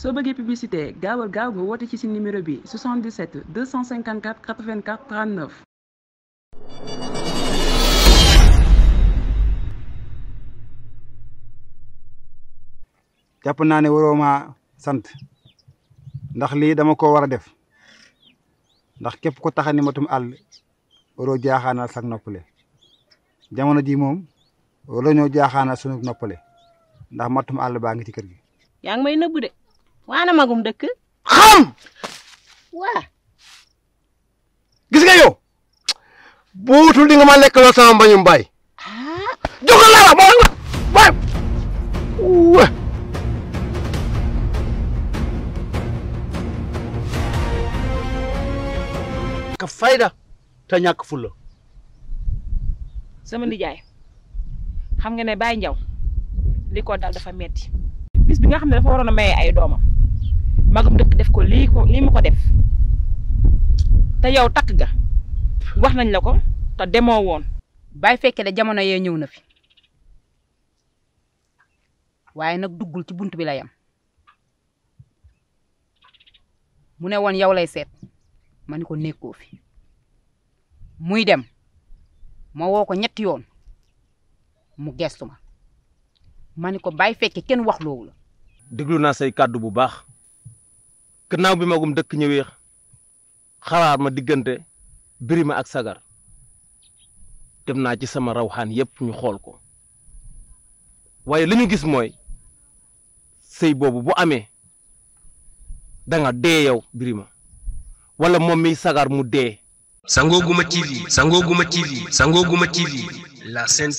so bëggee publicité gaawal gaaw nga woote ci si numéro bi 77 254 84 39. jàpp naa ne waroo maa sant ndax lii dama koo war a def ndax képp ko taxa ni matum àll waroo jaaxaanal sax noppale jamono ji moom waroo ñoo jaaxaanal sunu noppale ndax matum àll baa ngi ci kër gi. yaa ngi may nëbbu de. waana magum dëkk. xam. waa. gis nga yow. buutul di ma lekk loo sama mbañu mbaay. ah. joxal laa la boo la ka fayda te ñàkk fula. sama nijaay xam nga ne Baye Ndiaw li ko dal dafa metti bis bi nga xam ne dafa waroon a maye ay doomam. magam dëkk def ko lii ko mu ko def te yow takk ga wax nañ la ko te demoo woon bay fekke de jamono yee ñëw na fi waaye nag duggul ci bunt bi la yam mu ne woon yow lay seet ma ni ko nekkoo fi muy dem ma woo ko ñetti yoon mu gestu ma ma ni ko bàyyi fekke kenn wax loolu la déglu naa say kàddu bu baax gannaaw bi magum dëkk ñëwee xalaat ma diggante biri ma ak sagar dem naa ci sama rawxaan yépp ñu xool ko waaye li ñu gis mooy sëy boobu bu amee danga nga dee yow ma walla moom miy sagar mu dee Sango Gouma TV, Sango Gouma TV, la scène